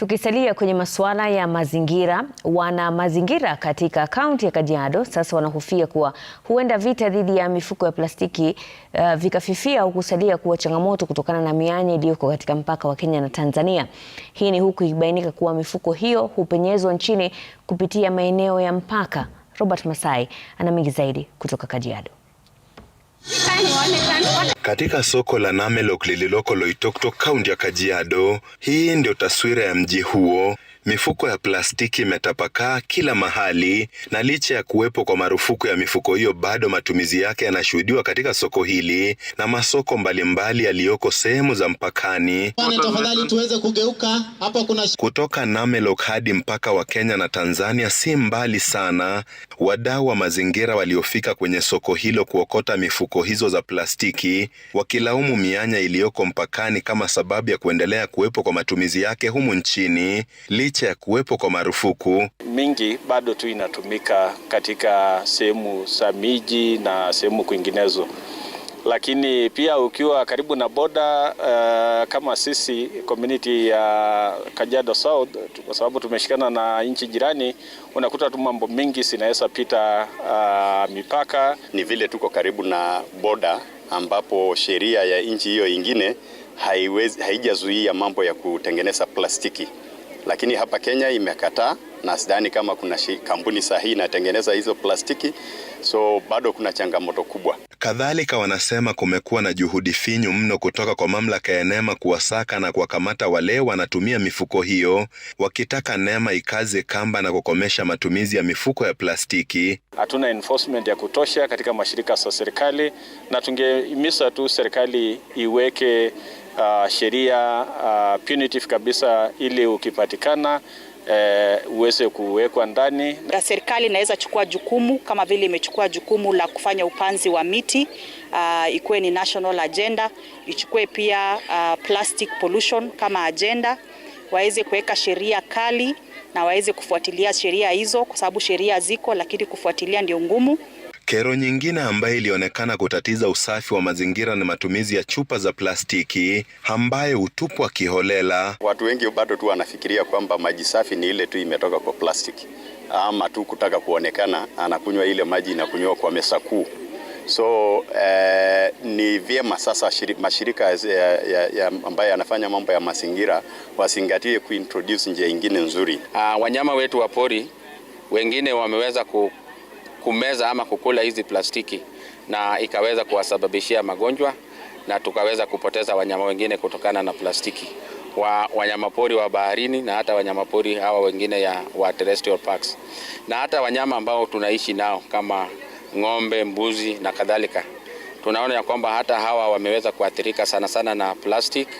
Tukisalia kwenye masuala ya mazingira, wana mazingira katika kaunti ya Kajiado sasa wanahofia kuwa huenda vita dhidi ya mifuko ya plastiki uh, vikafifia au kusalia kuwa changamoto kutokana na mianya iliyoko katika mpaka wa Kenya na Tanzania. Hii ni huku ikibainika kuwa mifuko hiyo hupenyezwa nchini kupitia maeneo ya mpaka. Robert Masai ana mengi zaidi kutoka Kajiado. Katika soko la Namelok lililoko Loitoktok, kaunti ya Kajiado, hii ndio taswira ya mji huo. Mifuko ya plastiki imetapakaa kila mahali, na licha ya kuwepo kwa marufuku ya mifuko hiyo, bado matumizi yake yanashuhudiwa katika soko hili na masoko mbalimbali yaliyoko sehemu za mpakani. Tafadhali tuweze kugeuka hapa, kuna kutoka Namelok hadi mpaka wa Kenya na Tanzania si mbali sana. Wadau wa mazingira waliofika kwenye soko hilo kuokota mifuko hizo za plastiki wakilaumu mianya iliyoko mpakani kama sababu ya kuendelea kuwepo kwa matumizi yake humu nchini licha ya kuwepo kwa marufuku. Mingi bado tu inatumika katika sehemu za miji na sehemu kwinginezo, lakini pia ukiwa karibu na boda uh, eh, kama sisi community ya uh, Kajiado South, kwa sababu tumeshikana na nchi jirani, unakuta tu mambo mengi zinaweza pita uh, mipaka. Ni vile tuko karibu na boda ambapo sheria ya nchi hiyo ingine haijazuia mambo ya kutengeneza plastiki, lakini hapa Kenya imekataa na sidhani kama kuna kampuni sahihi inatengeneza hizo plastiki, so bado kuna changamoto kubwa. Kadhalika, wanasema kumekuwa na juhudi finyu mno kutoka kwa mamlaka ya NEMA kuwasaka na kuwakamata wale wanatumia mifuko hiyo, wakitaka NEMA ikaze kamba na kukomesha matumizi ya mifuko ya plastiki. Hatuna enforcement ya kutosha katika mashirika za serikali, na tungeimisa tu serikali iweke uh, sheria uh, punitive kabisa ili ukipatikana eh, uweze kuwekwa ndani. Na serikali inaweza chukua jukumu kama vile imechukua jukumu la kufanya upanzi wa miti uh, ikuwe ni national agenda, ichukue pia uh, plastic pollution kama agenda, waweze kuweka sheria kali na waweze kufuatilia sheria hizo, kwa sababu sheria ziko, lakini kufuatilia ndio ngumu. Kero nyingine ambayo ilionekana kutatiza usafi wa mazingira ni matumizi ya chupa za plastiki ambayo hutupwa kiholela. Watu wengi bado tu wanafikiria kwamba maji safi ni ile tu imetoka kwa plastiki ama tu kutaka kuonekana anakunywa ile maji inakunywa kwa mesa kuu. So eh, ni vyema sasa mashirika ya, ya, ya ambayo yanafanya mambo ya mazingira wasingatie kuintroduce njia nyingine nzuri. Ah, wanyama wetu wa pori wengine wameweza ku kumeza ama kukula hizi plastiki na ikaweza kuwasababishia magonjwa na tukaweza kupoteza wanyama wengine kutokana na plastiki wa wanyamapori wa baharini na hata wanyamapori hawa wengine ya wa terrestrial parks na hata wanyama ambao tunaishi nao kama ng'ombe, mbuzi na kadhalika. Tunaona ya kwamba hata hawa wameweza kuathirika sana sana na plastiki.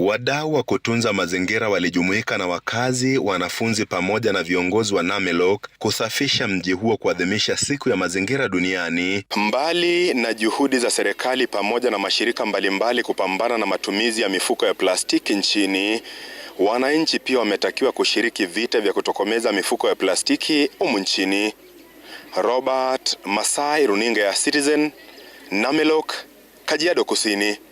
Wadau wa kutunza mazingira walijumuika na wakazi, wanafunzi pamoja na viongozi wa Namelok kusafisha mji huo kuadhimisha siku ya mazingira duniani. Mbali na juhudi za serikali pamoja na mashirika mbalimbali kupambana na matumizi ya mifuko ya plastiki nchini, wananchi pia wametakiwa kushiriki vita vya kutokomeza mifuko ya plastiki humu nchini. Robert Masai, runinga ya Citizen, Namelok, Kajiado Kusini.